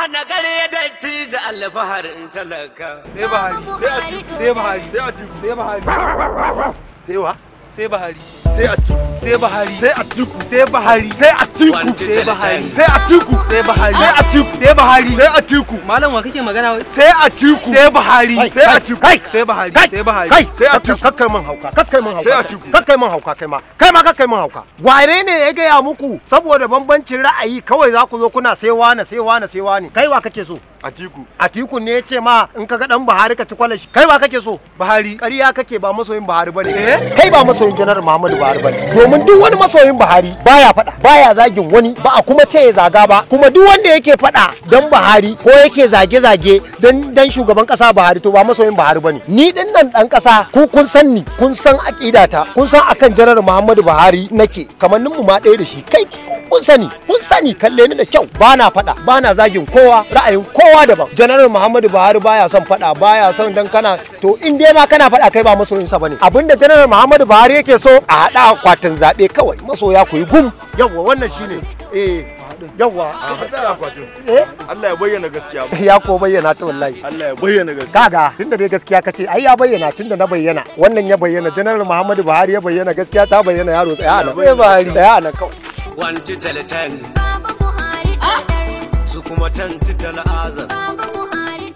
hana gare da tija alfaharin talaka sai Buhari, sai a sai bahari sai a sai wa sai a sai Atiku sai Buhari sai Atiku sai sai Atiku sai sai Atiku sai sai Atiku sai sai Atiku malam wa kake magana wai sai Atiku sai sai Atiku sai sai sai Atiku hauka kakkai man hauka hauka kai ma ne ya gaya muku saboda bambancin ra'ayi kawai za ku zo kuna sai wane sai wane sai wane kai wa kake so ne ya ce in ka ga dan Buhari ka ci kwalashi. Kai ba kake so? Buhari. Ƙarya kake ba masoyin Buhari bane. Eh? Kai ba masoyin masoyin janar Muhammadu Buhari bane domin duk wani masoyin Buhari baya faɗa baya zagin wani ba a kuma ce ya zaga ba kuma duk wanda yake faɗa dan Buhari ko yake zage-zage dan dan shugaban ƙasa Buhari to ba masoyin Buhari bane ni din nan dan ƙasa ku kun san ni kun san aƙidata kun san akan janar Muhammadu Buhari nake kamannin mu ma ɗaya da shi kai kun sani kun sani kalle ni da kyau ba na faɗa na zagin kowa ra'ayin kowa daban janar muhammadu buhari baya son faɗa baya son dan kana to in dai ma kana faɗa kai ba masoyin sa bane abinda janar muhammadu buhari yake so a haɗa akwatin zaɓe kawai masoya ku yi gum yawwa wannan shine eh yawwa eh? Allah ya bayyana gaskiya ya ko bayyana ta wallahi Allah ya bayyana gaskiya kaga tunda dai gaskiya kace ai ya bayyana tunda na bayyana wannan ya bayyana janar muhammadu buhari ya bayyana gaskiya ta bayyana yaro tsaya na ya na kawai one to tell ten. Su kuma ten to tell others.